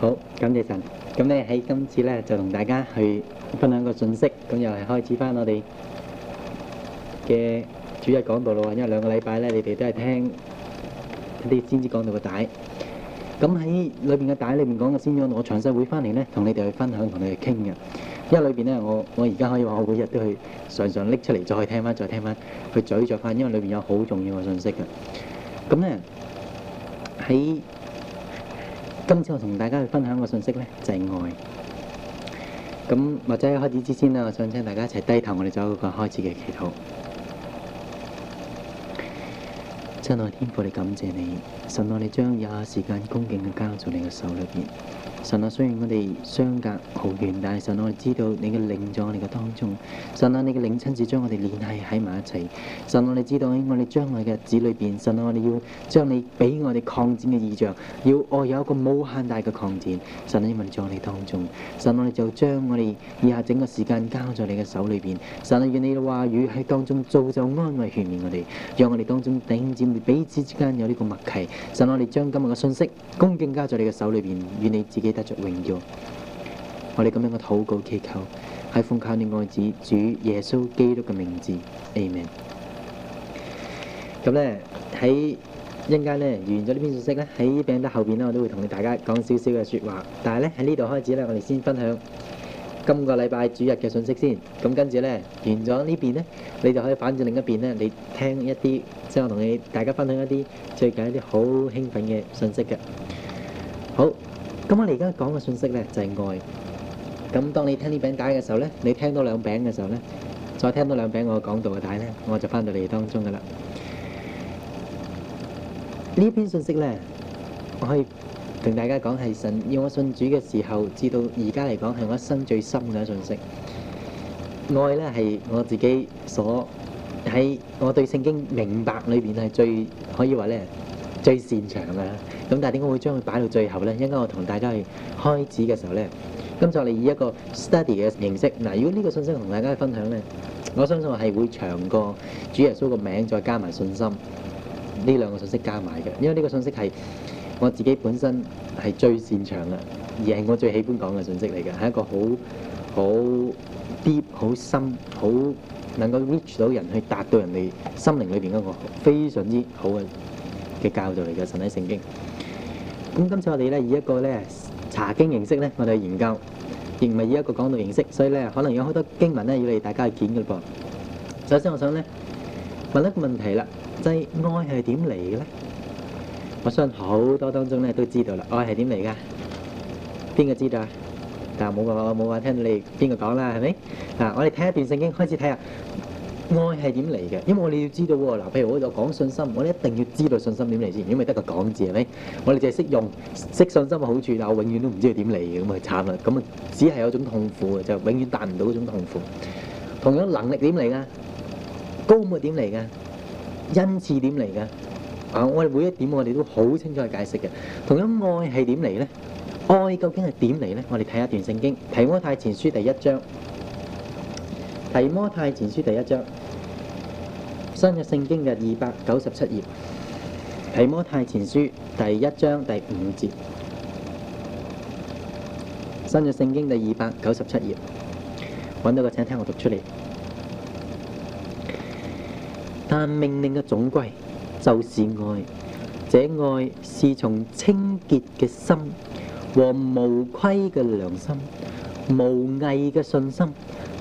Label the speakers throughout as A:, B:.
A: 好，感謝神。咁咧喺今次咧就同大家去分享個信息，咁又係開始翻我哋嘅主日講道咯。因為兩個禮拜咧，你哋都係聽啲先知講道嘅帶。咁喺裏邊嘅帶裏邊講嘅先知講道，我詳細會翻嚟咧同你哋去分享，同你哋傾嘅。因為裏邊咧，我我而家可以話我每日都去常常拎出嚟再聽翻，再聽翻，去咀嚼翻，因為裏邊有好重要嘅信息嘅。咁咧喺今次我同大家去分享嘅信息呢，就係愛。咁或者喺開始之前呢，我想請大家一齊低頭，我哋做一個開始嘅祈禱。真愛天父，你感謝你，神愛你，將有時間恭敬嘅交到你嘅手裏邊。神啊，雖然我哋相隔好遠，但係神啊，我哋知道你嘅靈在我哋嘅當中。神啊，你嘅靈親自將我哋連繫喺埋一齊，神我哋知道喺我哋將來嘅日子裏邊，神啊，我哋、啊、要將你俾我哋擴展嘅意象，要愛有一個無限大嘅擴展，神啊，因為在你當中，神啊，我哋就將我哋以下整個時間交在你嘅手裏邊，神啊，願你嘅話語喺當中造就安慰勸勉我哋，讓我哋當中頂尖彼此之間有呢個默契。神啊，我哋將今日嘅信息恭敬交在你嘅手裏邊，願你自己。得着榮耀，我哋咁樣嘅禱告祈求，係奉靠你愛子主耶穌基督嘅名字，Amen。咁咧喺一陣間咧完咗呢篇信息咧，喺餅得後邊咧，我都會同你大家講少少嘅說話。但係咧喺呢度開始咧，我哋先分享今個禮拜主日嘅信息先。咁跟住咧完咗呢邊咧，你就可以反轉另一邊咧，你聽一啲即係我同你大家分享一啲最近一啲好興奮嘅信息嘅。好。咁我哋而家講嘅信息咧就係愛。咁當你聽呢餅帶嘅時候咧，你聽到兩餅嘅時候咧，再聽到兩餅我講到嘅帶咧，我就翻到你哋當中嘅啦。呢篇信息咧，我可以同大家講係神要我信主嘅時候，至到而家嚟講係我一生最深嘅一個信息。愛咧係我自己所喺我對聖經明白裏邊係最可以話咧。最擅長嘅啦，咁但係點解會將佢擺到最後呢？一陣間因為我同大家去開始嘅時候呢，咁就我以一個 study 嘅形式，嗱，如果呢個信息同大家分享呢，我相信我係會長過主耶穌個名再加埋信心呢兩個信息加埋嘅，因為呢個信息係我自己本身係最擅長啦，而係我最喜歡講嘅信息嚟嘅，係一個好好 deep、好深、好能夠 reach 到人去達到人哋心靈裏邊一個非常之好嘅嘅教導嚟嘅神喺聖經。咁今次我哋咧以一個咧查經形式咧，我哋去研究，而唔係以一個講道形式，所以咧可能有好多經文咧要你大家去見嘅噃。首先我想咧問一個問題啦，即係愛係點嚟嘅咧？我相信好多當中咧都知道啦，愛係點嚟㗎？邊個知道啊？但係冇冇冇話聽到你邊個講啦，係咪？嗱，我哋睇一段聖經，開始睇啊。愛係點嚟嘅？因為我哋要知道喎，嗱，譬如我講信心，我哋一定要知道信心點嚟先，因為得個講字係咪？我哋淨係識用，識信心嘅好處，但係我永遠都唔知佢點嚟嘅，咁啊慘啦！咁啊，只係有種痛苦嘅，就永遠達唔到嗰種痛苦。同樣能力點嚟噶？高冇點嚟噶？恩賜點嚟噶？啊，我哋每一點我哋都好清楚解釋嘅。同樣愛係點嚟咧？愛究竟係點嚟咧？我哋睇一段聖經《提摩太前書》第一章，《提摩太前書》第一章。新約聖經嘅二百九十七頁，《提摩太前書》第一章第五節。新約聖經第二百九十七頁，揾到個，請聽我讀出嚟。但命令嘅總歸就是愛，這愛是從清潔嘅心和無虧嘅良心、無偽嘅信心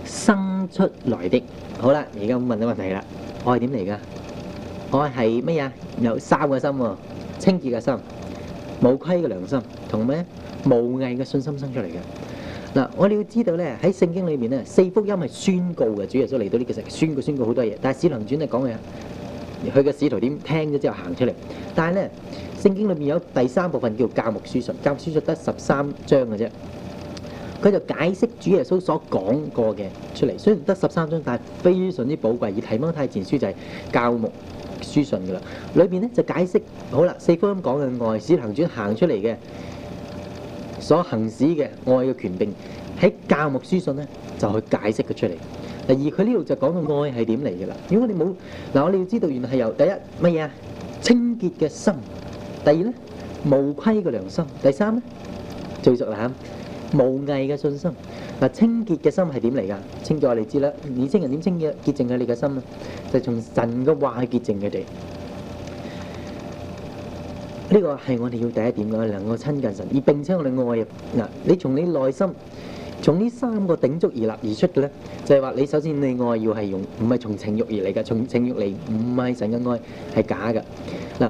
A: 生出來的。好啦，而家問咗問題啦。愛點嚟噶？愛係咩啊？有三個心啊，清潔嘅心，冇虧嘅良心，同咩無偽嘅信心生出嚟嘅。嗱，我哋要知道咧，喺聖經裏面咧四福音係宣告嘅，主耶穌嚟到呢，其實宣告宣告好多嘢，但係史林傳係講嘅，佢嘅使徒點聽咗之後行出嚟，但係咧聖經裏面有第三部分叫教牧書信，教牧書信得十三章嘅啫。佢就解釋主耶穌所講過嘅出嚟，雖然得十三章，但係非常之寶貴。而提摩太前書就係教牧書信噶啦，裏邊咧就解釋好啦，四福音講嘅愛是行主行出嚟嘅，所行使嘅愛嘅權柄喺教牧書信咧就去解釋佢出嚟。第二，佢呢度就講到愛係點嚟噶啦。如果你冇嗱，我哋要知道，原來係由第一乜嘢啊？清潔嘅心，第二咧無虧嘅良心，第三咧最足啦。無偽嘅信心，嗱，清潔嘅心係點嚟噶？清潔我哋知啦，年輕人點清潔潔淨啊？你嘅心就從神嘅話去潔淨佢哋，呢個係我哋要第一點嘅，能夠親近神，而並且我哋愛啊！你從你內心，從呢三個鼎足而立而出嘅咧，就係話你首先你愛要係用，唔係從情欲而嚟嘅，從情欲嚟唔係神嘅愛係假嘅，嗱。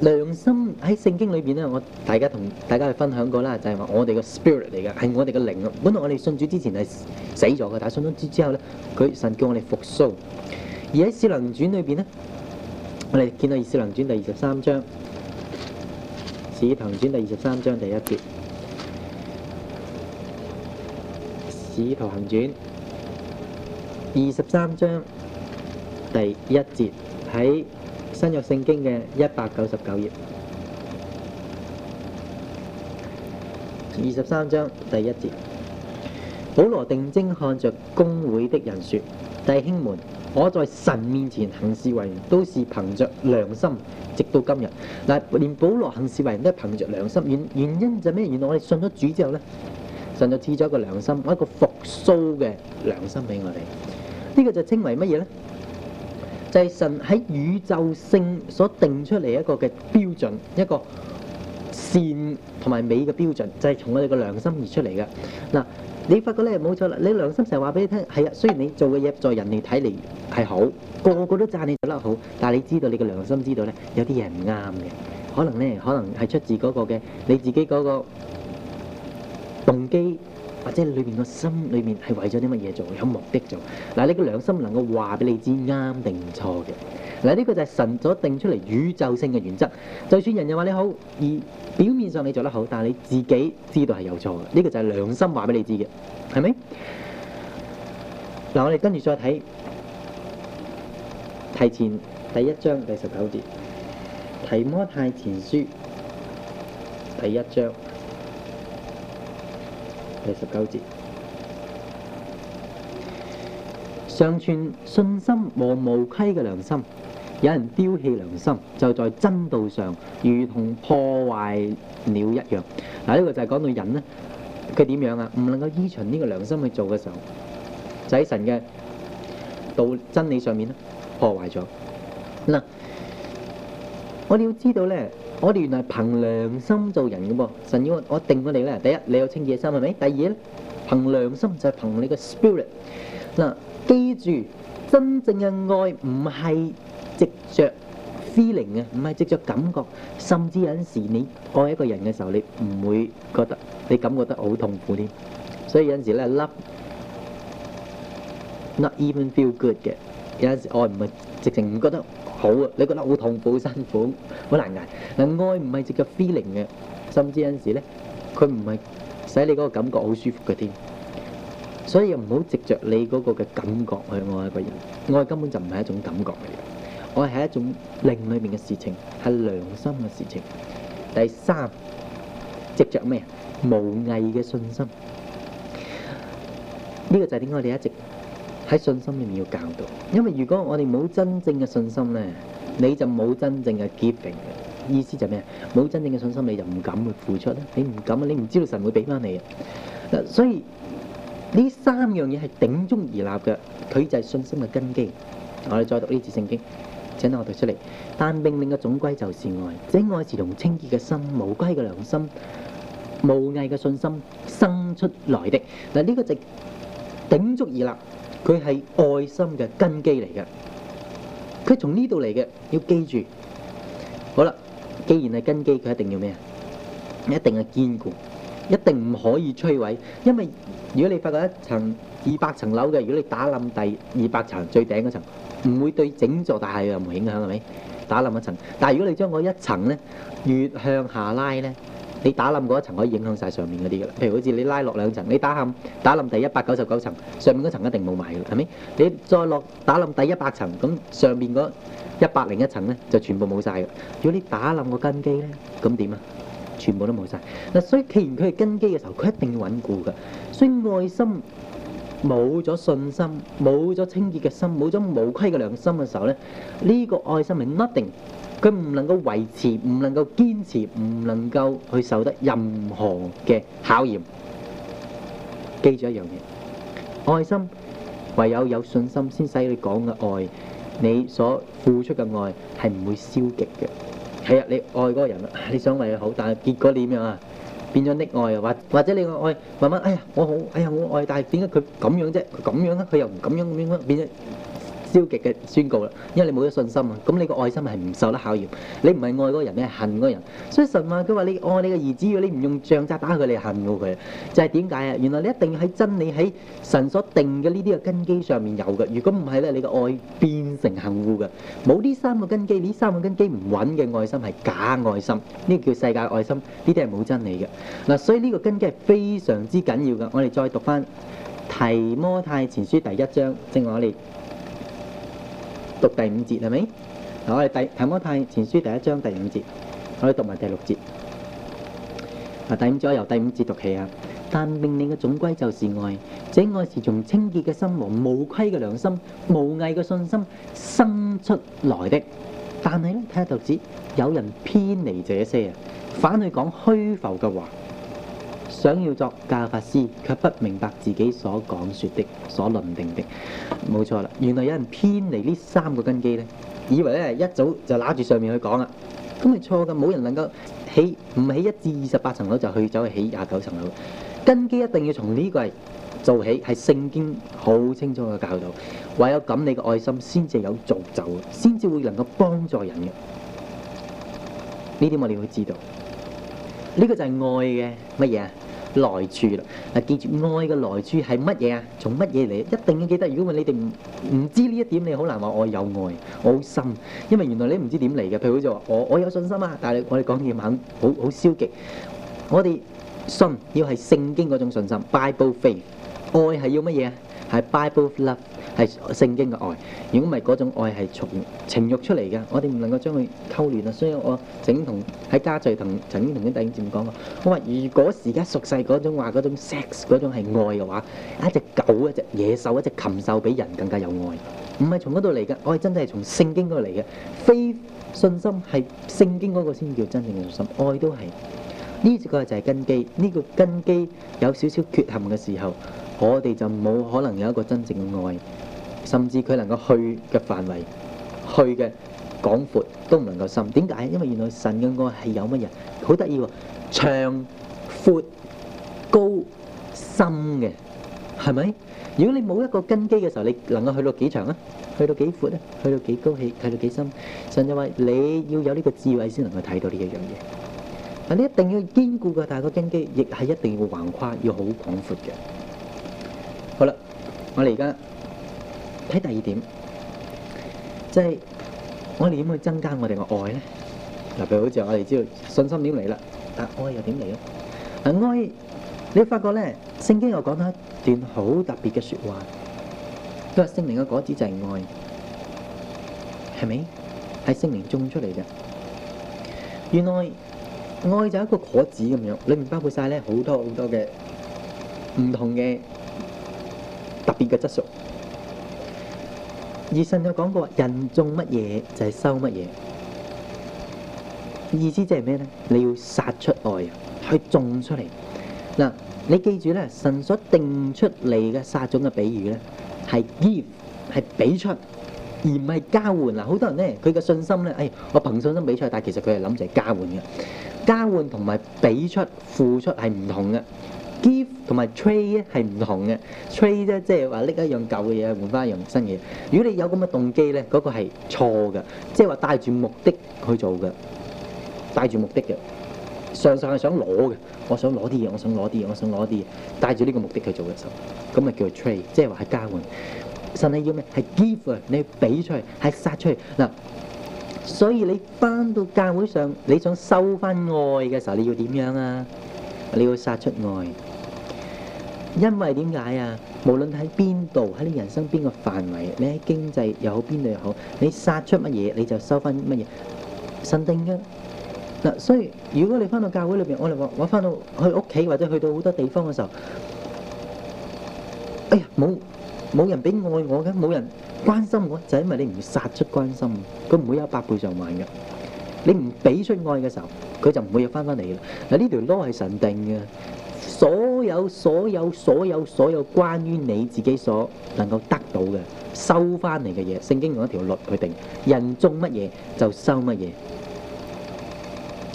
A: 良心喺聖經裏邊咧，我大家同大家去分享過啦，就係、是、話我哋個 spirit 嚟嘅，係我哋嘅靈咯。本來我哋信主之前係死咗嘅，但係信咗主之後咧，佢神叫我哋復甦。而喺《使徒行傳》裏邊咧，我哋見到《使徒行傳》第二十三章，《使徒行傳》第二十三章第一節，《使徒行傳》二十三章第一節喺。新約聖經嘅一百九十九頁，二十三章第一節，保羅定睛看着公會的人說：弟兄們，我在神面前行事為人都是憑着良心，直到今日。嗱，連保羅行事為人都係憑着良心，原原因就係咩？原來我哋信咗主之後呢，神就賜咗一個良心，一個復蘇嘅良心俾我哋。呢個就稱為乜嘢呢？就係神喺宇宙性所定出嚟一個嘅標準，一個善同埋美嘅標準，就係、是、從我哋嘅良心而出嚟嘅。嗱，你發覺咧，冇錯啦，你良心成日話俾你聽，係啊，雖然你做嘅嘢在人哋睇嚟係好，個個都讚你做得好，但係你知道你嘅良心知道咧，有啲嘢唔啱嘅，可能咧，可能係出自嗰個嘅你自己嗰個動機。或者裏面個心裏面係為咗啲乜嘢做，有目的做。嗱，你個良心能夠話俾你知啱定唔錯嘅。嗱，呢個就係神所定出嚟宇宙性嘅原則。就算人人話你好，而表面上你做得好，但係你自己知道係有錯嘅。呢個就係良心話俾你知嘅，係咪？嗱，我哋跟住再睇提前第一章第十九節，睇《提摩太前書》第一章。第十九節，常存信心和無虧嘅良心，有人丟棄良心，就在真道上如同破壞了一樣。嗱，呢個就係講到人呢，佢點樣啊？唔能夠依循呢個良心去做嘅時候，就喺神嘅道真理上面咧破壞咗。嗱，我哋要知道咧。我哋原嚟，憑良心做人嘅噃，神要我定你咧。第一，你有清潔心係咪？第二咧，憑良心就係憑你嘅 spirit。嗱，記住真正嘅愛唔係直著 feeling 嘅，唔係直著感覺，甚至有陣時你愛一個人嘅時候，你唔會覺得你感覺得好痛苦添。所以有陣時咧，love not even feel good 嘅，有陣時愛唔係直情唔覺得。好啊！你覺得好痛苦、好辛苦、好難捱。嗱，愛唔係只個 feeling 嘅，甚至有陣時咧，佢唔係使你嗰個感覺好舒服嘅添。所以唔好藉著你嗰個嘅感覺去愛一個人。愛根本就唔係一種感覺嚟嘅，愛係一種靈裏面嘅事情，係良心嘅事情。第三，藉著咩啊？無偽嘅信心。呢個就係點解我哋一直。喺信心裏面要教導，因為如果我哋冇真正嘅信心咧，你就冇真正嘅 giving，意思就咩？冇真正嘅信心你就唔敢去付出啦，你唔敢啊，你唔知道神會俾翻你啊。嗱，所以呢三樣嘢係鼎足而立嘅，佢就係信心嘅根基。我哋再讀呢節聖經，請我哋讀出嚟。但命令嘅總歸就是愛，這愛是從清潔嘅心、無虧嘅良心、無偽嘅信心生出來的。嗱，呢個就鼎足而立。佢係愛心嘅根基嚟嘅，佢從呢度嚟嘅，要記住。好啦，既然係根基，佢一定要咩啊？一定係堅固，一定唔可以摧毀。因為如果你發覺一層二百層樓嘅，如果你打冧第二百層最頂嗰層，唔會對整座大廈有任何影響係咪？打冧一層，但係如果你將嗰一層咧越向下拉咧。你打冧嗰一層，可以影響晒上面嗰啲嘅啦。譬如好似你拉落兩層，你打冧打冧第一百九十九層，上面嗰層一定冇埋嘅，係咪？你再落打冧第一百層，咁上面嗰一百零一層咧就全部冇晒嘅。如果你打冧個根基咧，咁點啊？全部都冇晒。嗱，所以既然佢係根基嘅時候，佢一定要穩固嘅。所以愛心冇咗信心，冇咗清潔嘅心，冇咗無虧嘅良心嘅時候咧，呢個愛心係 nothing。佢唔能夠維持，唔能夠堅持，唔能夠去受得任何嘅考驗。記住一樣嘢，愛心唯有有信心先使你講嘅愛，你所付出嘅愛係唔會消極嘅。係啊，你愛嗰個人，你想為佢好，但係結果點樣啊？變咗溺愛呀，或，或者你個愛慢慢，哎呀，我好，哎呀，我愛，但係點解佢咁樣啫？佢咁樣啦，佢又唔咁樣咁樣樣，變咗。消極嘅宣告啦，因為你冇咗信心啊，咁你個愛心係唔受得考驗，你唔係愛嗰個人咧，你係恨嗰個人。所以神話佢話你愛你嘅兒子，如果你唔用杖責打佢，你係恨到佢。就係點解啊？原來你一定要喺真理喺神所定嘅呢啲嘅根基上面有嘅。如果唔係咧，你嘅愛變成恨惡嘅。冇呢三個根基，呢三個根基唔穩嘅愛心係假愛心，呢個叫世界愛心，呢啲係冇真理嘅。嗱，所以呢個根基係非常之緊要噶。我哋再讀翻提摩太前書第一章，正話我哋。讀第五節係咪？我哋第《提摩太前書》第一章第五節，我哋讀埋第六節。啊，第五節由第五節讀起啊。但命令嘅總歸就是愛，這愛是從清潔嘅心和無虧嘅良心、無偽嘅信心生出來的。但係咧，睇下六節，有人偏離這些啊，反去講虛浮嘅話。想要作教法師，卻不明白自己所講說的、所論定的，冇錯啦。原來有人偏離呢三個根基咧，以為咧一早就拿住上面去講啦，咁你錯嘅。冇人能夠起，唔起一至二十八層樓就去走去起廿九層樓。根基一定要從呢個係做起，係聖經好清楚嘅教導。唯有咁你嘅愛心，先至有造就，先至會能夠幫助人嘅。呢啲我哋會知道，呢、這個就係愛嘅乜嘢啊？來處啦，啊記住愛嘅來處係乜嘢啊？從乜嘢嚟？一定要記得。如果你哋唔唔知呢一點，你好難話我有愛，我好心。因為原來你唔知點嚟嘅。譬如好似話我我有信心啊，但係我哋講嘢猛，好好消極。我哋信要係聖經嗰種信心，Bible faith 愛。愛係要乜嘢啊？係 Bible love。係聖經嘅愛。如果唔係嗰種愛係從情慾出嚟嘅，我哋唔能夠將佢溝亂啊。所以我曾經同喺家聚同曾經同啲弟兄講過。我話：如果而家熟細嗰種話嗰種 sex 嗰種係愛嘅話，一隻狗、一隻野獸、一隻禽獸比人更加有愛。唔係從嗰度嚟嘅愛，真係從聖經嗰度嚟嘅。非信心係聖經嗰個先叫真正嘅信心，愛都係呢、呢個就係根基。呢、呢個根基有少少缺陷嘅時候，我哋就冇可能有一個真正嘅愛。甚至佢能夠去嘅範圍、去嘅廣闊都唔能夠深。點解？因為原來神嘅愛係有乜嘢？好得意喎！長、闊、高、深嘅，係咪？如果你冇一個根基嘅時候，你能夠去到幾長啊？去到幾闊啊？去到幾高？去到幾深？神就話你要有呢個智慧先能夠睇到呢一樣嘢。啊！你一定要堅固嘅，但係個根基亦係一定要橫跨，要好廣闊嘅。好啦，我哋而家。睇第二點，即係我哋點去增加我哋嘅愛咧？嗱，譬如好似我哋知道信心點嚟啦，但愛又點嚟咧？嗱愛，你發覺咧，聖經又講咗一段好特別嘅説話，因為聖靈嘅果子就係愛，係咪？係聖靈種出嚟嘅，原來愛就係一個果子咁樣，裡面包括曬咧好多好多嘅唔同嘅特別嘅質素。而神有講過，人種乜嘢就係收乜嘢。意思即係咩咧？你要撒出愛，去種出嚟。嗱，你記住咧，神所定出嚟嘅撒種嘅比喻咧，係 give 係俾出，而唔係交換。嗱，好多人咧，佢嘅信心咧，哎，我憑信心俾出，但係其實佢係諗住係交換嘅。交換同埋俾出、付出係唔同嘅。give 同埋 trade 咧，係唔同嘅，trade 咧即係話拎一樣舊嘅嘢換翻一樣新嘅嘢。如果你有咁嘅動機咧，嗰個係錯嘅，即係話帶住目的去做嘅，帶住目的嘅，上上係想攞嘅，我想攞啲嘢，我想攞啲嘢，我想攞啲嘢，帶住呢個目的去做嘅時候，咁啊叫做 trade，即係話係交換。神係要咩？係 give，你俾出去，係撒出去嗱。所以你翻到教會上，你想收翻愛嘅時候，你要點樣啊？你要撒出愛。因為點解啊？無論喺邊度，喺你人生邊個範圍，你喺經濟又好，邊度又好，你殺出乜嘢你就收翻乜嘢，神定嘅。嗱，所以如果你翻到教會裏邊，我哋話，我翻到去屋企或者去到好多地方嘅時候，哎呀，冇冇人俾愛我嘅，冇人關心我，就係因為你唔殺出關心，佢唔會有百倍償還嘅。你唔俾出愛嘅時候，佢就唔會又翻返嚟啦。嗱，呢條路係神定嘅。所有所有所有所有關於你自己所能夠得到嘅收翻嚟嘅嘢，聖經用一條律去定，人種乜嘢就收乜嘢，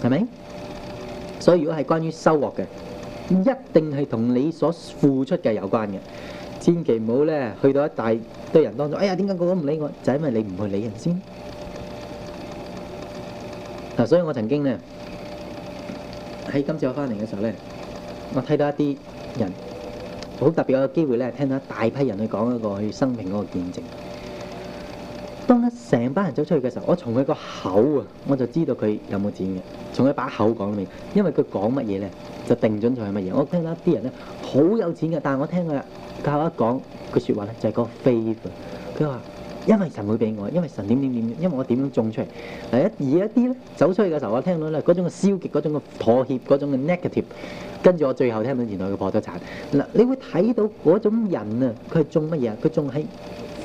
A: 係咪？所以如果係關於收穫嘅，一定係同你所付出嘅有關嘅，千祈唔好咧去到一大堆人當中，哎呀，點解個個唔理我？就因為你唔去理人先。嗱，所以我曾經咧喺今次我翻嚟嘅時候咧。我睇到一啲人好特別，我有機會咧聽到一大批人去講一個去生命嗰個見證。當一成班人走出去嘅時候，我從佢個口啊，我就知道佢有冇錢嘅。從佢把口講裡面，因為佢講乜嘢咧，就定準咗係乜嘢。我聽到一啲人咧好有錢嘅，但係我聽佢教一講佢説話咧，就係、是、嗰個 faith 嘅。佢話。因為神會俾我，因為神點點點，因為我點樣種出嚟。嗱，而一啲咧走出去嘅時候，我聽到咧嗰種消極、嗰種妥協、嗰種 negative，跟住我最後聽到原來佢破咗產。嗱，你會睇到嗰種人啊，佢係種乜嘢？佢種喺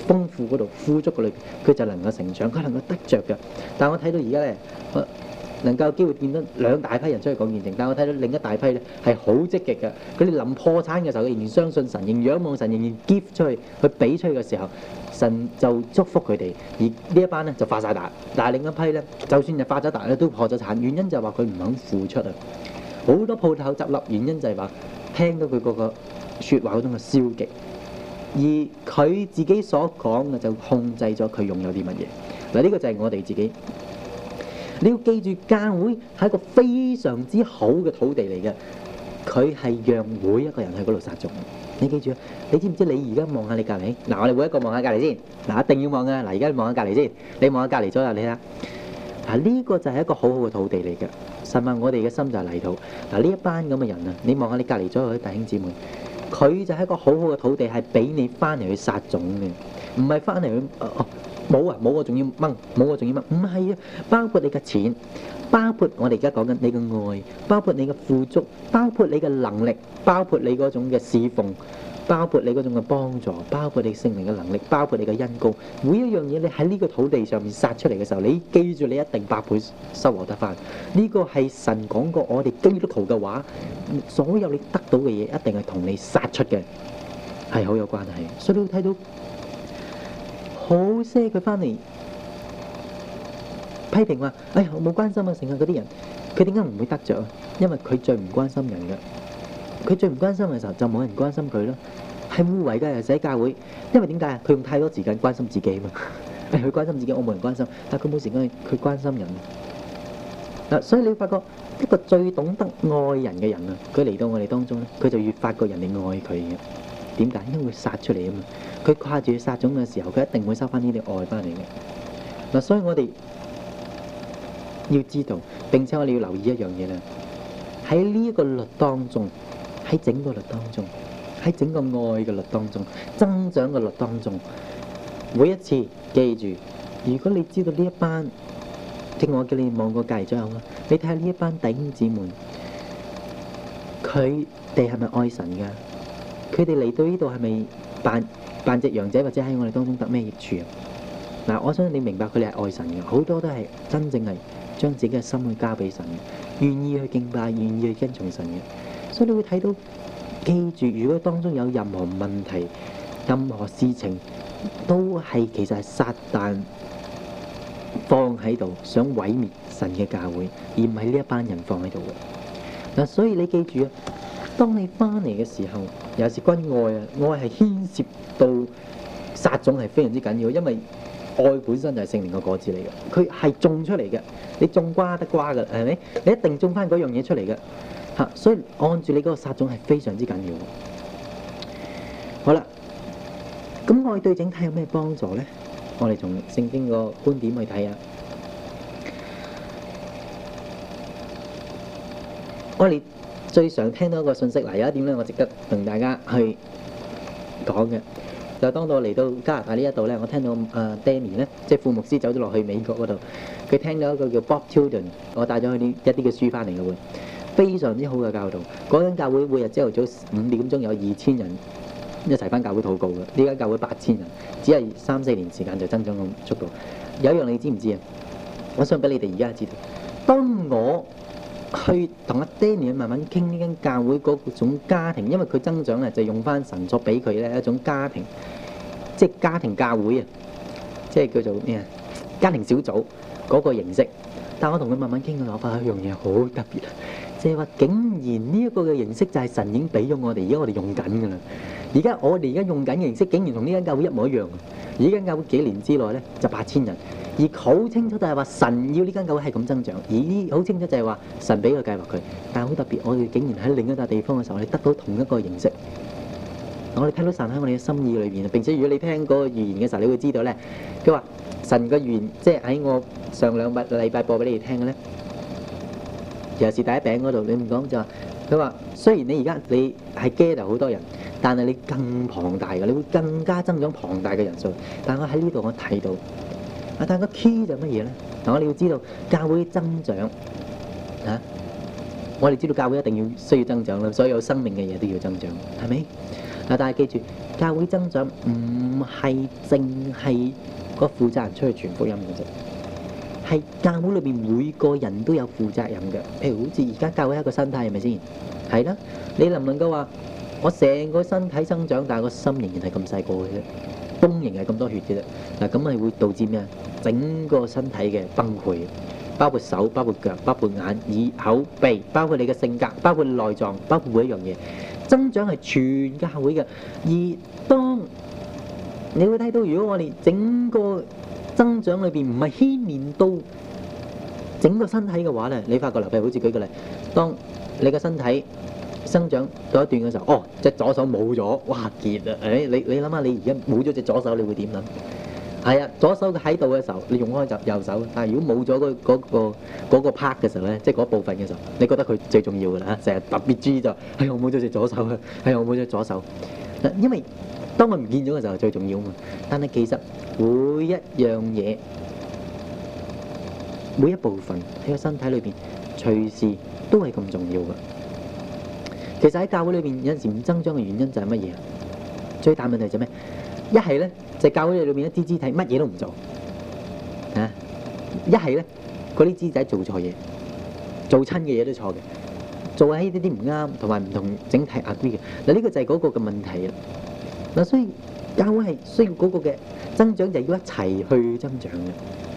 A: 豐富嗰度、富足嗰裏，佢就能夠成長，佢能夠得着嘅。但我睇到而家咧，能夠機會見到兩大批人出去講言情，但係我睇到另一大批咧係好積極嘅。佢哋臨破產嘅時候，仍然相信神，仍仰望神，仍然 give 出去去俾出去嘅時候，神就祝福佢哋。而呢一班咧就發晒達，但係另一批咧，就算係發咗達咧都破咗產。原因就係話佢唔肯付出啊！好多鋪頭執笠，原因就係話聽到佢嗰個説話嗰種嘅消極，而佢自己所講嘅就控制咗佢擁有啲乜嘢。嗱，呢個就係我哋自己。你要記住，教會係一個非常之好嘅土地嚟嘅，佢係讓每一個人喺嗰度撒種。你記住啊！你知唔知你看看你？你而家望下你隔離，嗱我哋每一個望下隔離先，嗱一定要望嘅。嗱而家望下隔離先，你望下隔離左右，你睇下。嗱、這、呢個就係一個好好嘅土地嚟嘅。神啊，我哋嘅心就係泥土。嗱呢一班咁嘅人啊，你望下你隔離左右啲弟兄姊妹，佢就係一個好好嘅土地，係俾你翻嚟去撒種嘅，唔係翻嚟去。哦冇啊，冇啊，仲要掹，冇啊，仲要掹。唔係啊，包括你嘅錢，包括我哋而家講緊你嘅愛，包括你嘅富足，包括你嘅能力，包括你嗰種嘅侍奉，包括你嗰種嘅幫助，包括你性命嘅能力，包括你嘅恩公。每一樣嘢你喺呢個土地上面撒出嚟嘅時候，你記住你一定百倍收穫得翻。呢個係神講過我哋基督徒嘅話，所有你得到嘅嘢一定係同你撒出嘅係好有關係。所以你會睇到。好些佢翻嚟，批評話：哎呀，我冇關心啊！成日嗰啲人，佢點解唔會得著啊？因為佢最唔關心人嘅，佢最唔關心嘅時候就冇人關心佢咯。係污衊㗎，又洗教會，因為點解啊？佢用太多時間關心自己嘛，佢關心自己，我冇人關心。但係佢冇時間，佢關心人。嗱，所以你發覺一個最懂得愛人嘅人啊，佢嚟到我哋當中咧，佢就越發覺人哋愛佢嘅。點解？因為會殺出嚟啊嘛，佢掛住要殺種嘅時候，佢一定會收翻呢啲愛翻嚟嘅。嗱，所以我哋要知道，並且我哋要留意一樣嘢啦。喺呢一個律當中，喺整個律當中，喺整個愛嘅律當中，增長嘅律當中，每一次，記住，如果你知道呢一班，聽我叫你望個計帳啦，你睇下呢一班弟兄子們，佢哋係咪愛神㗎？佢哋嚟到呢度係咪扮扮隻羊仔，或者喺我哋當中得咩益處啊？嗱，我相信你明白佢哋係愛神嘅，好多都係真正係將自己嘅心去交俾神嘅，願意去敬拜，願意去跟從神嘅。所以你會睇到，記住，如果當中有任何問題、任何事情，都係其實係撒旦放喺度，想毀滅神嘅教會，而唔係呢一班人放喺度嘅。嗱、啊，所以你記住啊！當你翻嚟嘅時候，又係關於愛啊！愛係牽涉到撒種係非常之緊要，因為愛本身就係聖靈嘅果子嚟嘅，佢係種出嚟嘅，你種瓜得瓜噶啦，係咪？你一定種翻嗰樣嘢出嚟嘅，吓，所以按住你嗰個撒種係非常之緊要。好啦，咁愛對整體有咩幫助咧？我哋從聖經個觀點去睇啊，我哋。最常聽到一個信息嗱，有一點咧，我值得同大家去講嘅。就當我嚟到加拿大呢一度咧，我聽到誒 Danny 咧，即係副牧師走咗落去美國嗰度，佢聽到一個叫 Bob Children，我帶咗佢啲一啲嘅書翻嚟嘅會，非常之好嘅教導。嗰間教會每日朝頭早五點鐘有二千人一齊翻教會禱告嘅，呢間教會八千人，只係三四年時間就增長咁速度。有一樣你知唔知啊？我想俾你哋而家知道，當我，去同阿爹尼啊慢慢傾呢間教會嗰種家庭，因為佢增長咧就用翻神作俾佢咧一種家庭，即係家庭教會啊，即係叫做咩啊？家庭小組嗰個形式。但我同佢慢慢傾嘅時候，我發覺一樣嘢好特別啊，即係話竟然呢一個嘅形式就係神已經俾咗我哋，而家我哋用緊噶啦。而家我哋而家用緊嘅形式，竟然同呢間教會一模一樣。而家教會幾年之內咧就八千人。而好清楚就係話神要呢間教會係咁增長，而呢好清楚就係話神俾個計劃佢，但係好特別，我哋竟然喺另一笪地方嘅時候，我哋得到同一個認識。我哋聽到神喺我哋嘅心意裏邊，並且如果你聽嗰個預言嘅時候，你會知道咧，佢話神嘅預言，即係喺我上兩個禮拜播俾你哋聽嘅咧，尤其是第一餅嗰度，你唔講就話，佢話雖然你而家你係驚頭好多人，但係你更龐大嘅，你會更加增長龐大嘅人數。但係我喺呢度我睇到。啊！但個 key 就乜嘢咧？嗱，我哋要知道教會增長嚇、啊，我哋知道教會一定要需要增長啦。所有生命嘅嘢都要增長，係咪？啊！但係記住，教會增長唔係淨係個負責人出去傳福音嘅啫，係教會裏邊每個人都有負責任嘅。譬如好似而家教會一個身體，係咪先？係啦，你能唔能夠話我成個身體增長，但係個心仍然係咁細個嘅啫？當仍然係咁多血嘅，嗱，咁係會導致咩啊？整個身體嘅崩潰，包括手、包括腳、包括眼、耳、口、鼻，包括你嘅性格、包括內臟、包括每一樣嘢，增長係全教會嘅。而當你會睇到，如果我哋整個增長裏邊唔係牽連到整個身體嘅話咧，你發覺劉佩好似舉個例，當你嘅身體。生長到一段嘅時候，哦，隻左手冇咗，哇，結啦！誒，你你諗下，你而家冇咗隻左手，你會點諗？係啊，左手喺度嘅時候，你用開就右手。但係如果冇咗嗰嗰個嗰 part 嘅時候咧，即係嗰部分嘅時候，你覺得佢最重要㗎啦，成日特別注意就係我冇咗隻左手啊，係、哎、我冇咗左手。因為當佢唔見咗嘅時候最重要啊嘛。但係其實每一樣嘢，每一部分喺個身體裏邊，隨時都係咁重要㗎。其實喺教會裏邊有陣時唔增長嘅原因就係乜嘢？最大問題就咩？一係咧就係教會裏邊一啲肢體乜嘢都唔做啊！一係咧嗰啲肢體做錯嘢，做親嘅嘢都錯嘅，做喺一啲唔啱同埋唔同整體 agree 嘅。嗱，呢個就係嗰個嘅問題啦。嗱，所以教會係需要嗰個嘅增長，就要一齊去增長嘅。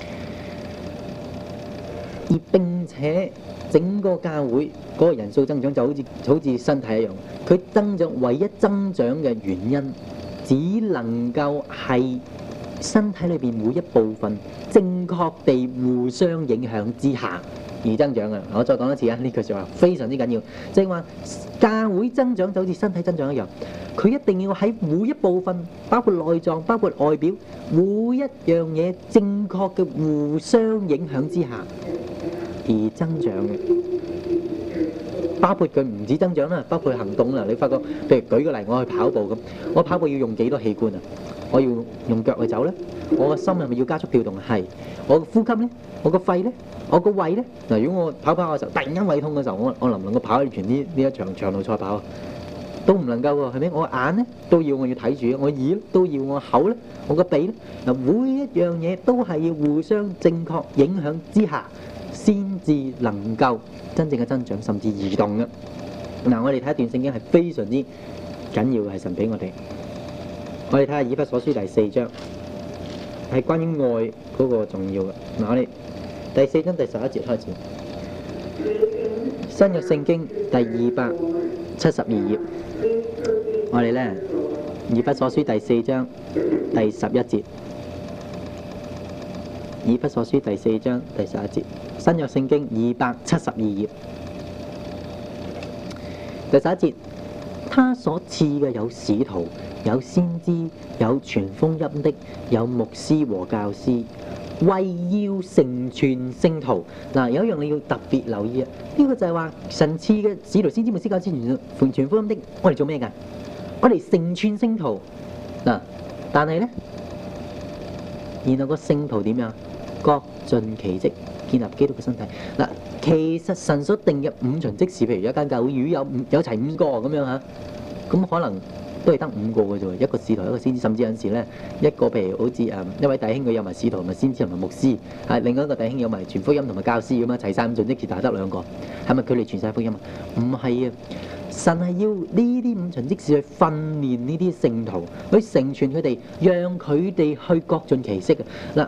A: 而並且整個教會嗰個人數增長就好似好似身體一樣，佢增長唯一增長嘅原因，只能夠係身體裏邊每一部分正確地互相影響之下而增長嘅。我再講一次啊，呢句説話非常之緊要，即係話教會增長就好似身體增長一樣，佢一定要喺每一部分，包括內臟、包括外表，每一樣嘢正確嘅互相影響之下。而增長嘅，包括佢唔止增長啦，包括行動啦。你發覺，譬如舉個例，我去跑步咁，我跑步要用幾多器官啊？我要用腳去走咧，我個心係咪要加速跳動？係我個呼吸咧，我個肺咧，我個胃咧。嗱，如果我跑跑嘅時候突然間胃痛嘅時候，我我能唔能夠跑完全呢呢一場長路賽跑啊？都唔能夠喎，係咪？我眼咧都要我要睇住，我耳都要我口咧，我個鼻咧，嗱，每一樣嘢都係要互相正確影響之下。先至能夠真正嘅增長，甚至移動嘅。嗱，我哋睇一段聖經係非常之緊要嘅，係神俾我哋。我哋睇下《以弗所書》第四章，係關於愛嗰個重要嘅。嗱，我哋第四章第十一節開始，新約聖經第二百七十二頁，我哋咧《以弗所書》第四章第十一節，《以弗所書》第四章第十一節。新約聖經二百七十二頁，第十一節，他所賜嘅有使徒，有先知，有傳福音的，有牧師和教師，為要成全聖徒。嗱，有一樣你要特別留意啊，呢個就係話神賜嘅使徒、先知、牧師、教師、傳傳福音的，我哋做咩噶？我哋成全聖徒。嗱，但係咧，然後個聖徒點樣？各盡其職。建立基督嘅身體。嗱，其實神所定嘅五旬職士，譬如一間教會如果有五有齊五個咁樣嚇，咁可能都係得五個嘅啫，一個使徒，一個先知，甚至有陣時咧，一個譬如好似誒一位弟兄佢有埋使徒同埋先知同埋牧師，係另外一個弟兄有埋傳福音同埋教師，咁樣齊曬五旬職士，但係得兩個，係咪佢哋傳曬福音啊？唔係啊，神係要呢啲五旬職士去訓練呢啲聖徒，去成全佢哋，讓佢哋去各盡其職。嘅嗱。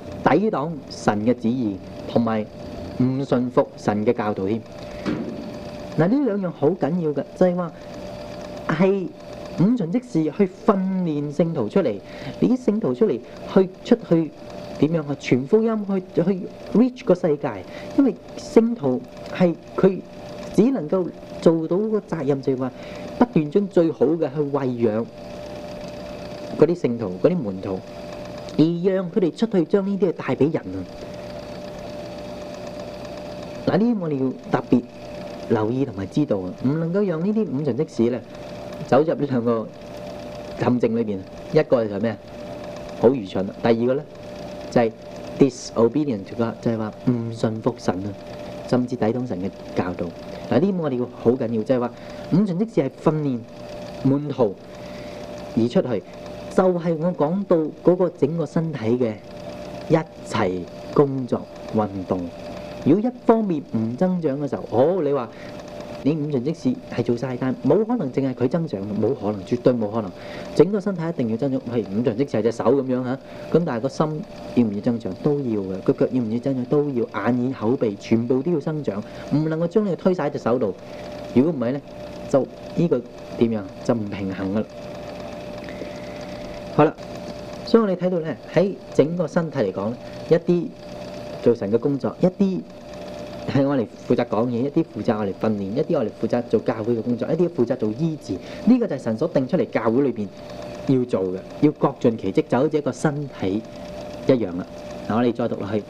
A: 抵擋神嘅旨意，同埋唔信服神嘅教導添。嗱，呢兩樣好緊要嘅，就係話係五旬節時去訓練聖徒出嚟，你啲聖徒出嚟去出去點樣啊？傳福音去去 reach 個世界，因為聖徒係佢只能夠做到個責任，就係話不斷將最好嘅去餵養嗰啲聖徒、嗰啲門徒。而讓佢哋出去將呢啲嘢帶俾人啊！嗱，呢啲我哋要特別留意同埋知道啊，唔能夠讓呢啲五常的士咧走入呢兩個陷阱裏邊。一個係咩啊？好愚蠢。第二個咧就係 disobedient，就話就係話唔順服神啊，甚至抵擋神嘅教導。嗱，呢啲我哋要好緊要，就係話五常的士係訓練滿途而出去。就係我講到嗰個整個身體嘅一齊工作運動。如果一方面唔增長嘅時候，好，你話你五臟即係做曬，但冇可能淨係佢增長，冇可能，絕對冇可能。整個身體一定要增長，譬如五臟即係隻手咁樣嚇。咁但係個心要唔要增長，都要嘅，個腳要唔要增長都要，眼耳口鼻全部都要增長，唔能夠將你推曬隻手度。如果唔係咧，就呢個點樣就唔平衡噶。好啦，所以我哋睇到咧，喺整個身體嚟講，一啲做神嘅工作，一啲係我哋負責講嘢，一啲負責我哋訓練，一啲我哋負責做教會嘅工作，一啲負責做醫治。呢個就係神所定出嚟教會裏邊要做嘅，要各盡其職，就好似一個身體一樣啦。嗱，我哋再讀落去。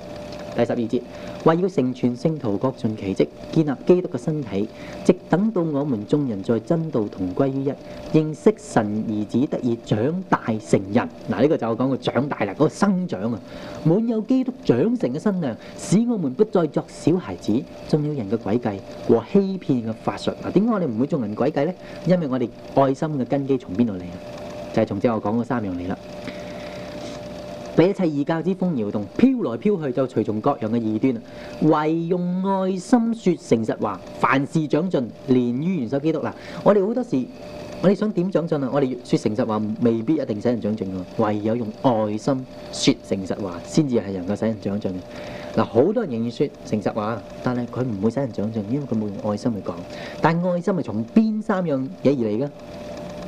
A: 第十二節為要成全聖徒，各盡其職，建立基督嘅身體，直等到我們眾人在真道同歸於一，認識神兒子，得以長大成人。嗱、啊，呢、這個就我講嘅長大啦，嗰、那個生長啊，滿有基督長成嘅身量，使我們不再作小孩子，中人嘅詭計和欺騙嘅法術。嗱、啊，點解我哋唔會中人詭計呢？因為我哋愛心嘅根基從邊度嚟啊？就係從即我講嘅三樣嚟啦。俾一切異教之風搖動，飄來飄去就隨從各樣嘅異端。唯用愛心説誠實話，凡事長進，連於元首基督嗱。我哋好多時，我哋想點長進啊？我哋説誠實話未必一定使人長進喎，唯有用愛心説誠實話，先至係能夠使人長進。嗱，好多人仍然説誠實話，但係佢唔會使人長進，因為佢冇用愛心去講。但係愛心係從邊三樣嘢而嚟嘅？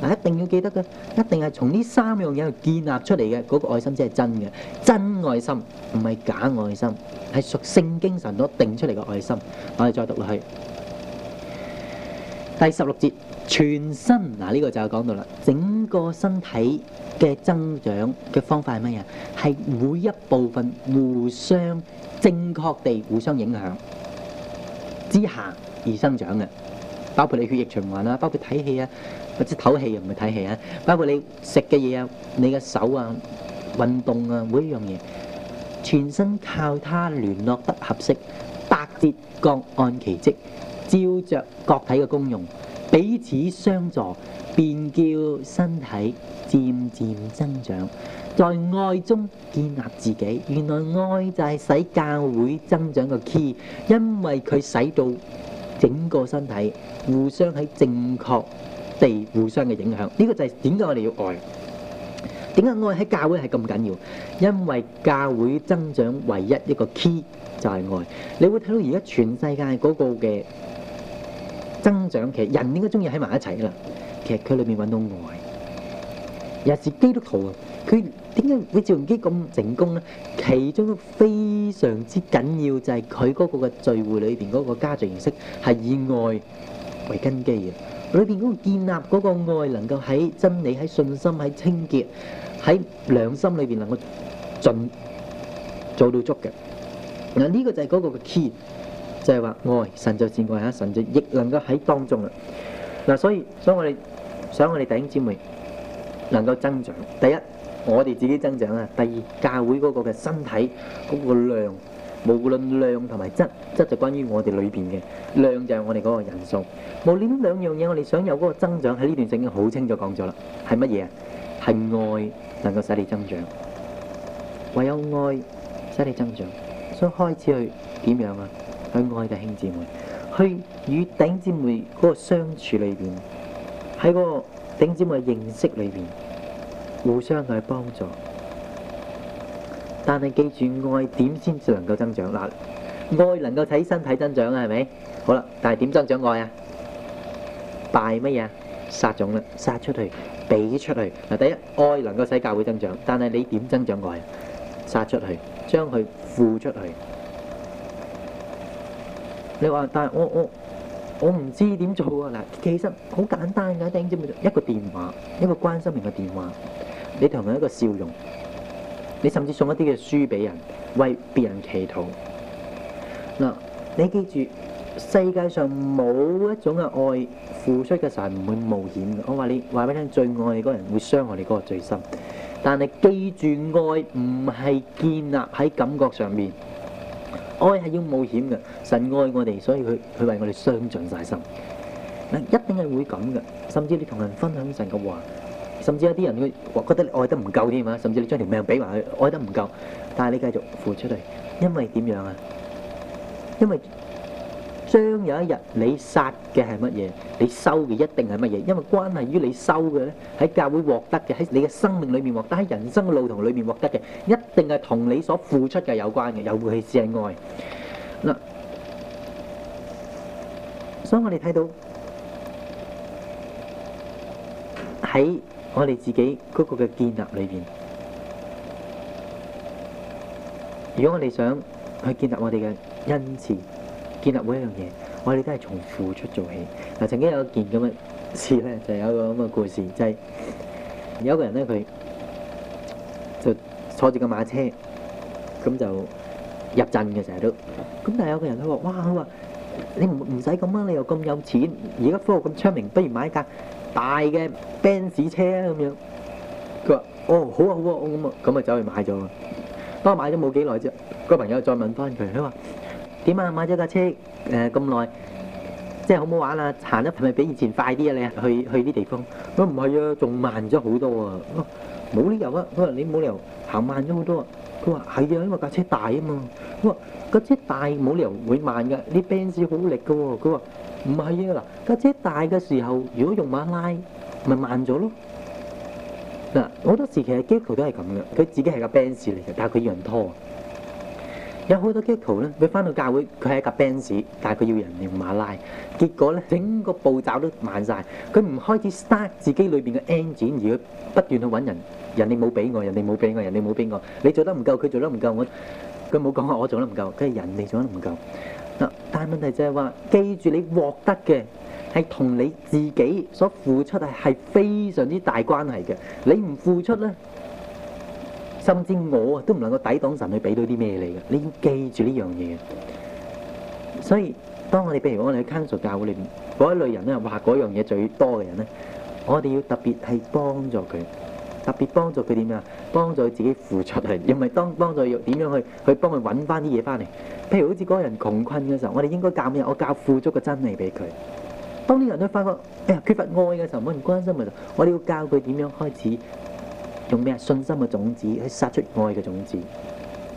A: 啊！一定要記得嘅，一定係從呢三樣嘢去建立出嚟嘅嗰個愛心先係真嘅，真愛心唔係假愛心，係屬聖經神所定出嚟嘅愛心。我哋再讀落去，第十六節全身嗱，呢個就講到啦，整個身體嘅增長嘅方法係乜嘢？係每一部分互相正確地互相影響之下而生長嘅。包括你血液循環啊，包括睇戲啊，或者唞氣啊，又唔係睇戲啊，包括你食嘅嘢啊，你嘅手啊，運動啊，每一樣嘢，全身靠他聯絡得合適，百節各按其職，照著各體嘅功用，彼此相助，便叫身體漸漸增長，在愛中建立自己。原來愛就係使教會增長嘅 key，因為佢使到。整個身體互相喺正確地互相嘅影響，呢個就係點解我哋要愛，點解愛喺教會係咁緊要？因為教會增長唯一一個 key 就係愛。你會睇到而家全世界嗰個嘅增長，其實人應該鍾意喺埋一齊啦。其實佢裏面搵到愛，尤其是基督徒佢。點解佢趙鏞基咁成功咧？其中非常之緊要就係佢嗰個嘅聚會裏邊嗰個家族形式係以愛為根基嘅，裏邊嗰個建立嗰個愛能夠喺真理、喺信心、喺清潔、喺良心裏邊能夠盡做到足嘅。嗱呢個就係嗰個嘅 key，就係話愛神就自然愛啊，神就亦能夠喺當中啊。嗱所以，所以我哋想我哋弟兄姊妹能夠增長，第一。我哋自己增長啦。第二，教會嗰個嘅身體嗰個量，無論量同埋質，質就關於我哋裏邊嘅，量就係我哋嗰個人數。無論兩樣嘢，我哋想有嗰個增長喺呢段聖經已經好清楚講咗啦，係乜嘢啊？係愛能夠使你增長，唯有愛使你增長。所以開始去點樣啊？去愛嘅弟兄姊妹，去與頂姊妹嗰個相處裏邊，喺個頂姊妹認識裏邊。互相去幫助，但係記住愛點先至能夠增長嗱，愛能夠使身體增長啊，係咪？好啦，但係點增長愛啊？拜乜嘢？撒種啦，撒出去，俾出去嗱。第一，愛能夠使教會增長，但係你點增長愛啊？撒出去，將佢付出去。你話但係我我我唔知點做啊嗱，其實好簡單噶，頂知唔知？一個電話，一個關心人嘅電話。你同佢一個笑容，你甚至送一啲嘅書俾人，為別人祈禱。嗱，你記住，世界上冇一種嘅愛付出嘅時候係唔會冒險嘅。我話你話俾你聽，最愛嗰個人會傷害你嗰個最深。但係記住，愛唔係建立喺感覺上面，愛係要冒險嘅。神愛我哋，所以佢佢為我哋傷盡晒心。嗱，一定係會咁嘅。甚至你同人分享神嘅話。甚至有啲人佢覺得你愛得唔夠添啊！甚至你將條命俾埋佢，愛得唔夠，但係你繼續付出嚟，因為點樣啊？因為將有一日你殺嘅係乜嘢，你收嘅一定係乜嘢？因為關係於你收嘅咧，喺教會獲得嘅，喺你嘅生命裏面獲得，喺人生嘅路途裏面獲得嘅，一定係同你所付出嘅有關嘅，尤其是係愛嗱。所以我哋睇到喺。我哋自己嗰個嘅建立裏邊，如果我哋想去建立我哋嘅恩慈，建立每一樣嘢，我哋都係從付出做起。嗱，曾經有一件咁嘅事咧，就有一個咁嘅故事，就係有個人咧，佢就坐住個馬車，咁就入鎮嘅時候都。咁但係有個人佢話：哇！佢話你唔唔使咁啦，你又咁有錢，而家科學咁昌明，不如買一架大嘅 Benz 車啊咁樣，佢話：哦，好啊，好啊，咁啊咁啊，走、啊、去買咗。當我買咗冇幾耐啫，個朋友再問翻佢，佢話：點啊？買咗架車誒咁耐，即係好唔好玩啊？行得係咪比以前快啲啊？你去去啲地方？佢唔係啊，仲慢咗好多啊！冇、啊、理由啊，佢話你冇理由行慢咗好多啊！佢話係啊，因為架車大啊嘛。佢話架車大冇理由會慢㗎，啲 Benz 好力㗎。佢話。唔係呀嗱，架車大嘅時候，如果用馬拉，咪慢咗咯。嗱，好多時期嘅基督徒都係咁嘅，佢自己係架 Benz 嚟嘅，但係佢要人拖。有好多基督徒咧，佢翻到教會，佢係架 Benz，但係佢要人用馬拉。結果咧，整個步驟都慢曬，佢唔開始 start 自己裏邊嘅 engine，而佢不斷去揾人，人哋冇俾我，人哋冇俾我，人哋冇俾我，你做得唔夠，佢做得唔夠，我佢冇講話，我做得唔夠，佢係人哋做得唔夠。但係問題就係話，記住你獲得嘅係同你自己所付出係係非常之大關係嘅。你唔付出咧，甚至我啊都唔能夠抵擋神去俾到啲咩你嘅。你要記住呢樣嘢。所以，當我哋譬如我哋喺 Council 教會裏邊嗰一類人咧，話嗰樣嘢最多嘅人咧，我哋要特別係幫助佢，特別幫助佢點樣啊？幫助佢自己付出係，又咪幫幫助要點樣去去幫佢揾翻啲嘢翻嚟？譬如好似嗰個人窮困嘅時候，我哋應該教咩？我教富足嘅真理俾佢。當啲人都發覺誒、哎、缺乏愛嘅時候，冇人關心嘅時候，我哋要教佢點樣開始用咩信心嘅種子去撒出愛嘅種子，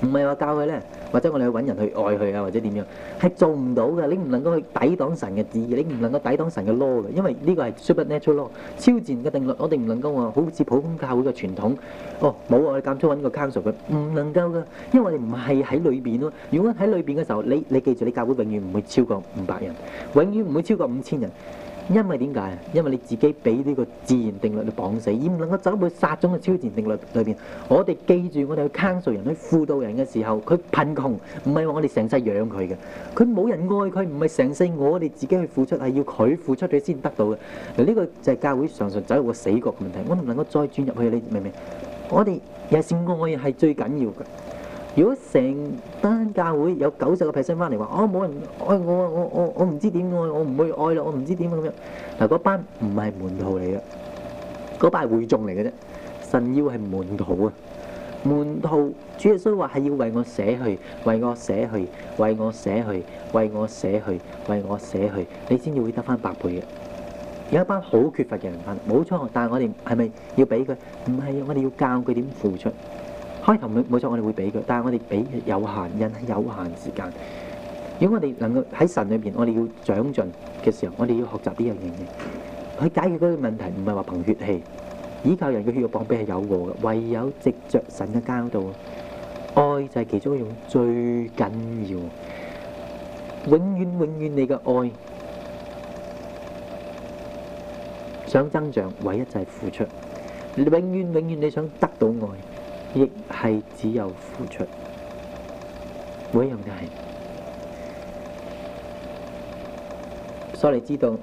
A: 唔係話教佢咧。或者我哋去揾人去愛佢啊，或者點樣係做唔到嘅，你唔能夠去抵擋神嘅旨意，你唔能夠抵擋神嘅 law 嘅，因為呢個係 supernatural law，超自然嘅定律，我哋唔能夠話好似普通教會嘅傳統。哦，冇啊，你間中揾個 counsel 佢，唔能夠噶，因為我哋唔係喺裏邊咯。如果喺裏邊嘅時候，你你記住，你教會永遠唔會超過五百人，永遠唔會超過五千人。因為點解啊？因為你自己俾呢個自然定律你綁死，而唔能夠走入去殺種嘅超自然定律裏邊。我哋記住，我哋去坑訴人去輔導人嘅時候，佢貧窮，唔係話我哋成世養佢嘅，佢冇人愛佢，唔係成世我哋自己去付出，係要佢付出佢先得到嘅。呢個就係教會常常走入個死角嘅問題，我唔能夠再轉入去，你明唔明？我哋尤其是愛係最緊要嘅。如果成班教會有九十個 percent 翻嚟話：哦，我冇人愛我，我我我唔知點愛，我唔會愛咯，我唔知點咁樣。嗱，嗰班唔係門徒嚟嘅，嗰班係會眾嚟嘅啫。神要係門徒啊，門徒主耶穌話係要為我捨去，為我捨去，為我捨去，為我捨去，為我捨去，你先至會得翻百倍嘅。有一班好缺乏嘅人份，冇錯，但係我哋係咪要俾佢？唔係，我哋要教佢點付出。開頭冇冇錯，我哋會俾佢，但係我哋俾有限人有限時間。如果我哋能夠喺神裏邊，我哋要長進嘅時候，我哋要學習呢樣嘢。去解決嗰個問題，唔係話憑血氣，依靠人嘅血肉膀臂係有禍嘅，唯有藉着神嘅教導，愛就係其中一種最緊要。永遠永遠，你嘅愛想增長，唯一就係付出。永遠永遠，你想得到愛。亦係只有付出，每一樣都係，所以你知道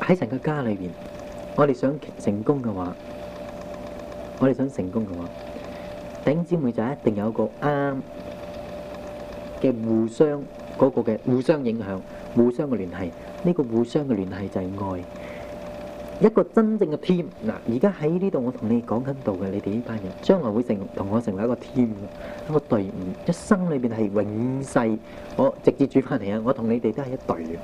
A: 喺神嘅家裏邊，我哋想成功嘅話，我哋想成功嘅話，弟兄姊妹就一定有一個啱嘅互相嗰個嘅互相影響、互相嘅聯繫，呢個互相嘅聯繫就係愛。一個真正嘅 team 嗱，而家喺呢度，我同你講緊道嘅，你哋呢班人將來會成同我成為一個 team 嘅一個隊伍，一生裏邊係永世我直接轉翻嚟啊！我同你哋都係一隊嘅，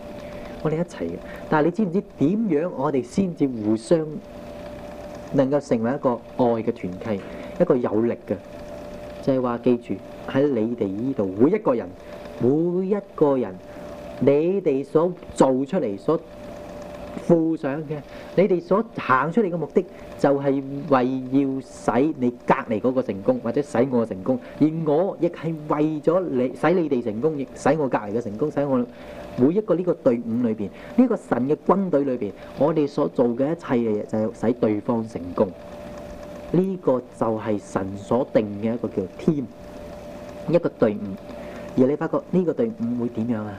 A: 我哋一齊嘅。但係你知唔知點樣我哋先至互相能夠成為一個愛嘅團契，一個有力嘅？就係話記住喺你哋呢度，每一個人，每一個人，你哋所做出嚟所。附上嘅，你哋所行出嚟嘅目的就係為要使你隔籬嗰個成功，或者使我成功，而我亦係為咗你使你哋成功，亦使我隔籬嘅成功，使我每一個呢個隊伍裏邊，呢個神嘅軍隊裏邊，我哋所做嘅一切嘅嘢就係使對方成功。呢個就係神所定嘅一個叫 team，一個隊伍。而你發覺呢個隊伍會點樣啊？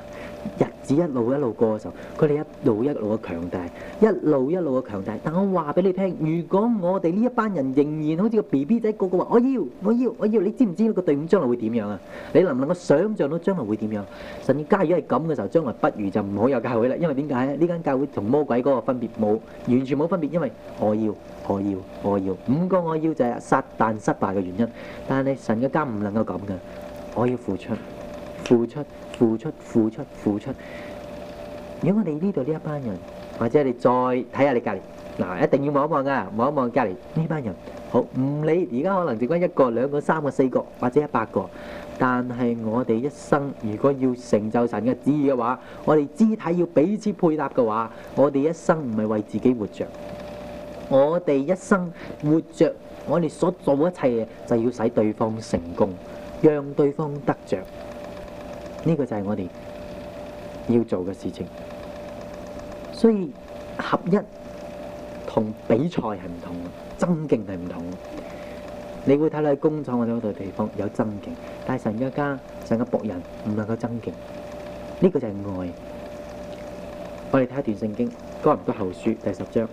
A: 日子一路一路過嘅時候，佢哋一路一路嘅強大，一路一路嘅強大。但我話俾你聽，如果我哋呢一班人仍然好似個 BB 仔，個個話我要，我要，我要，你知唔知個隊伍將來會點樣啊？你能唔能夠想象到將來會點樣？神嘅家如果係咁嘅時候，將來不如就唔好有教會啦。因為點解？呢間教會同魔鬼嗰個分別冇，完全冇分別。因為我要，我要，我要，我要，五個我要就係撒但失敗嘅原因。但係神嘅家唔能夠咁嘅，我要付出。付出、付出、付出、付出。如果我哋呢度呢一班人，或者你再睇下你隔籬嗱，一定要望一望啊！望一望隔籬呢班人。好唔理而家可能剩翻一個兩個三個四個或者一百個，但係我哋一生如果要成就神嘅旨意嘅話，我哋肢體要彼此配搭嘅話，我哋一生唔係為自己活着，我哋一生活着，我哋所做一切嘢就要使對方成功，讓對方得着。呢個就係我哋要做嘅事情，所以合一同比賽係唔同嘅，爭競係唔同嘅。你會睇到喺工廠或者嗰度地方有爭競，但係神嘅家、神嘅僕人唔能夠爭競。呢個就係愛。我哋睇一段聖經，哥林多後書第十章。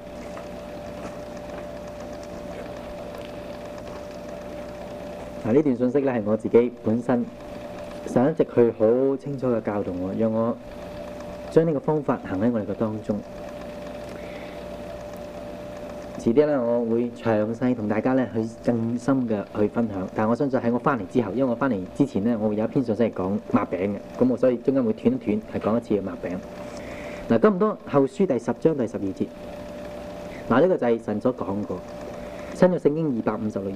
A: 嗱，呢段信息咧係我自己本身，神一直去好清楚嘅教導我，讓我將呢個方法行喺我哋嘅當中。遲啲咧，我會詳細同大家咧去更深嘅去分享。但係我相信喺我翻嚟之後，因為我翻嚟之前咧，我會有一篇信息係講擘餅嘅，咁我所以中間會斷一斷，係講一次嘅擘餅。嗱，哥林多後書第十章第十二節，嗱，呢個就係神所講過，新約聖經二百五十六頁。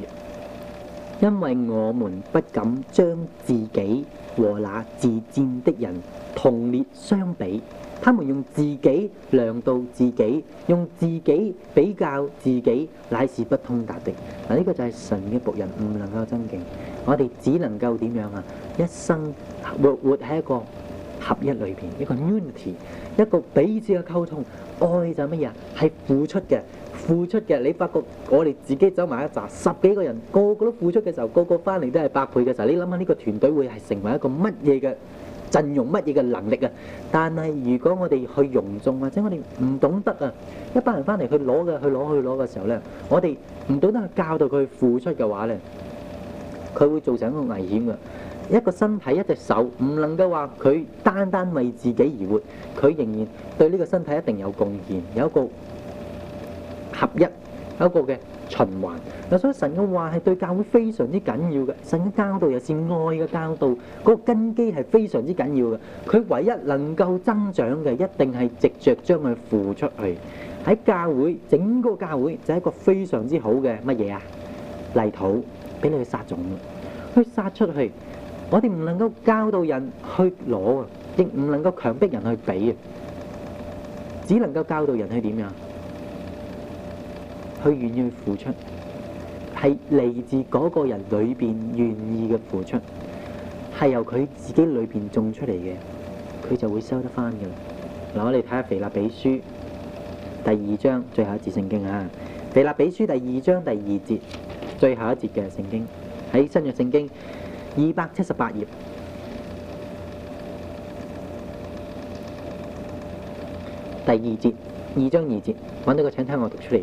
A: 因為我們不敢將自己和那自薦的人同列相比，他們用自己量度自己，用自己比較自己，乃是不通達的。嗱、啊，呢、這個就係神嘅僕人唔能夠增勁，我哋只能夠點樣啊？一生活活喺一個合一裏邊，一個 unity，一個彼此嘅溝通，愛就乜嘢啊？係付出嘅。付出嘅，你發覺我哋自己走埋一紮，十幾個人個個都付出嘅時候，個個翻嚟都係百倍嘅時候，你諗下呢個團隊會係成為一個乜嘢嘅陣容，乜嘢嘅能力啊？但係如果我哋去容縱或者我哋唔懂得啊，一班人翻嚟去攞嘅，去攞去攞嘅時候呢，我哋唔懂得去教導佢付出嘅話呢，佢會造成一個危險嘅。一個身體一隻手唔能夠話佢單單為自己而活，佢仍然對呢個身體一定有貢獻，有一個。合一有一個嘅循環，嗱，所以神嘅話係對教會非常之緊要嘅。神嘅教導又係愛嘅教導，嗰個根基係非常之緊要嘅。佢唯一能夠增長嘅，一定係直接將佢付出去。喺教會，整個教會就係一個非常之好嘅乜嘢啊？泥土俾你去撒種，去撒出去。我哋唔能夠教導人去攞，亦唔能夠強迫人去俾，只能夠教導人去點樣？佢願意付出，係嚟自嗰個人裏邊願意嘅付出，係由佢自己裏邊種出嚟嘅，佢就會收得翻嘅啦。嗱，我哋睇下《腓立比書》第二章最後一節聖經啊，《腓立比書》第二章第二節最後一節嘅聖經，喺新約聖經二百七十八頁第二節二章二節，揾到個，請聽我讀出嚟。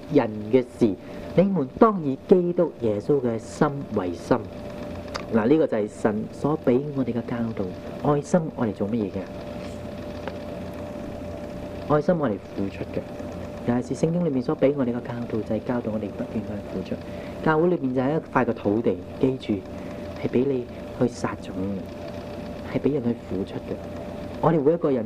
A: 人嘅事，你們當以基督耶穌嘅心為心。嗱，呢個就係神所俾我哋嘅教導。愛心我哋做乜嘢嘅？愛心我哋付出嘅。尤其是聖經裏面所俾我哋嘅教導，就係教導我哋不斷去付出。教會裏面就係一塊嘅土地，記住係俾你去撒種嘅，係俾人去付出嘅。我哋每一個人。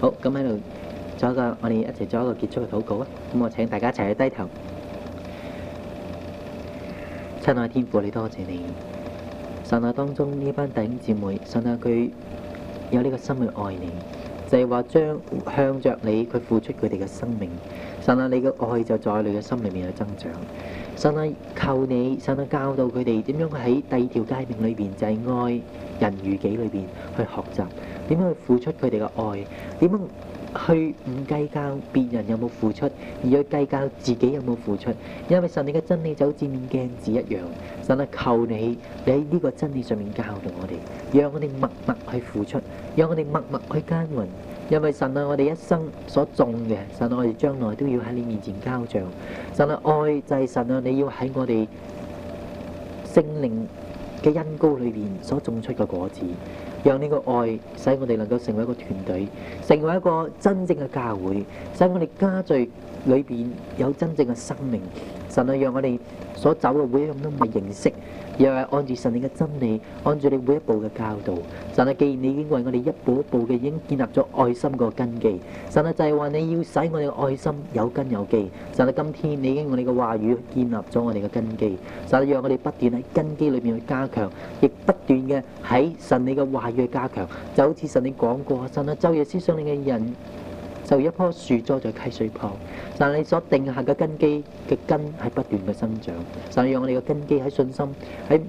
A: 好，咁喺度做一個，我哋一齊做一個結束嘅禱告啊！咁我請大家一齊去低頭。親愛的天父，你多謝你，神啊，當中呢班弟兄姊妹，神啊，佢有呢個心去愛你，就係話將向着你，佢付出佢哋嘅生命。神啊，你嘅愛就在你嘅心裏面有增長。神啊，求你，神啊，教導佢哋點樣喺第二條誡命裏邊，就係愛人如己裏邊去學習。點樣去付出佢哋嘅愛？點樣去唔計較別人有冇付出，而去計較自己有冇付出？因為神你嘅真理就好似面鏡子一樣，神啊，求你，你喺呢個真理上面教導我哋，讓我哋默默去付出，讓我哋默默去耕耘。因為神啊，我哋一生所種嘅，神啊，我哋將來都要喺你面前交賬。神啊，愛就係神啊，你要喺我哋聖靈嘅恩膏裏邊所種出嘅果子。讓呢個愛使我哋能夠成為一個團隊，成為一個真正嘅教會，使我哋家聚裏邊有真正嘅生命。神啊，讓我哋所走嘅每一樣都唔係形式。又係按住神你嘅真理，按住你每一步嘅教導。神啊，既然你已經為我哋一步一步嘅已經建立咗愛心個根基，神啊，就係話你要使我哋嘅愛心有根有基。神啊，今天你已經用你嘅話語建立咗我哋嘅根基，神啊，讓我哋不斷喺根基裏面去加強，亦不斷嘅喺神你嘅話語去加強。就好似神你講過，神啊，晝夜思想你嘅人。就一棵樹，栽在溪水旁，但係你所定下嘅根基嘅根係不斷嘅生長。就係讓我哋嘅根基喺信心喺。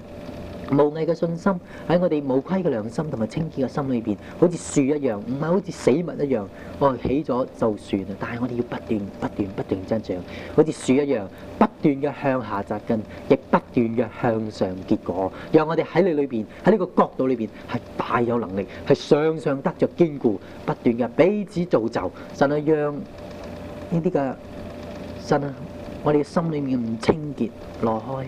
A: 無偽嘅信心喺我哋無愧嘅良心同埋清潔嘅心裏邊，好似樹一樣，唔係好似死物一樣。我起咗就算啦，但係我哋要不斷不斷不斷增長，好似樹一樣，不斷嘅向下扎根，亦不斷嘅向上結果。讓我哋喺你裏邊，喺呢個角度裏邊係大有能力，係上上得著堅固，不斷嘅彼此造就。神啊，讓呢啲嘅神啊，我哋嘅心裏面唔清潔，挪開。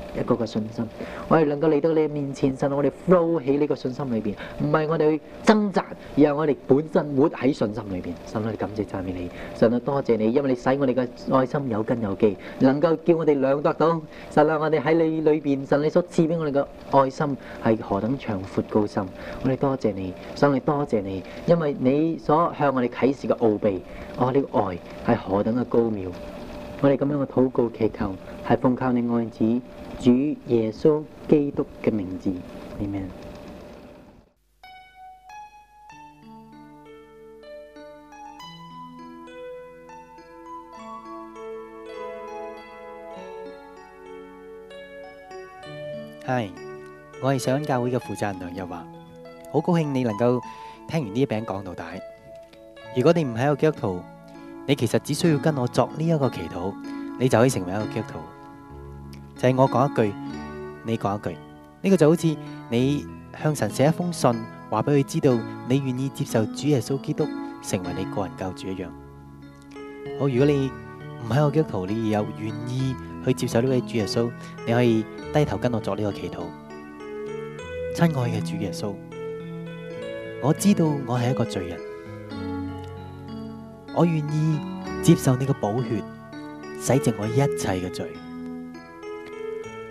A: 一個個信心，我哋能夠嚟到你面前，神啊！我哋 flow 起呢個信心裏邊，唔係我哋去掙扎，而係我哋本身活喺信心裏邊。神啊！感謝讚美你，神啊！多謝你，因為你使我哋嘅愛心有根有基，能夠叫我哋兩得到。神啊！我哋喺你裏邊，神你所賜俾我哋嘅愛心係何等長闊高深。我哋多謝你，神你多謝你，因為你所向我哋啟示嘅奧秘，哦！呢個愛係何等嘅高妙。我哋咁樣嘅禱告祈求，係奉靠你愛子，主耶穌基督嘅名字，阿們。Hi，我係上恩教會嘅負責人梁日華，好高興你能夠聽完呢一餅講道帶。如果你唔係一個基督徒，你其實只需要跟我作呢一個祈禱，你就可以成為一個基督徒。就係我講一句，你講一句，呢個就好似你向神寫一封信，話俾佢知道你願意接受主耶穌基督成為你個人教主一樣。好，如果你唔喺我基督徒，你有願意去接受呢位主耶穌，你可以低頭跟我作呢個祈禱。親愛嘅主耶穌，我知道我係一個罪人，我願意接受你個寶血洗淨我一切嘅罪。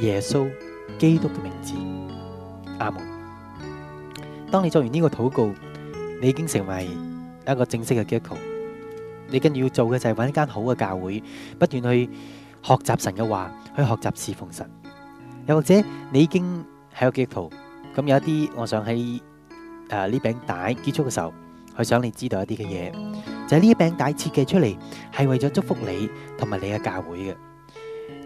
A: 耶穌基督嘅名字，阿門。當你做完呢個禱告，你已經成為一個正式嘅基督徒。你跟住要做嘅就係揾一間好嘅教會，不斷去學習神嘅話，去學習侍奉神。又或者你已經喺個基督徒，咁有一啲，我想喺誒呢餅帶結束嘅時候，去想你知道一啲嘅嘢，就係呢一餅帶設計出嚟係為咗祝福你同埋你嘅教會嘅。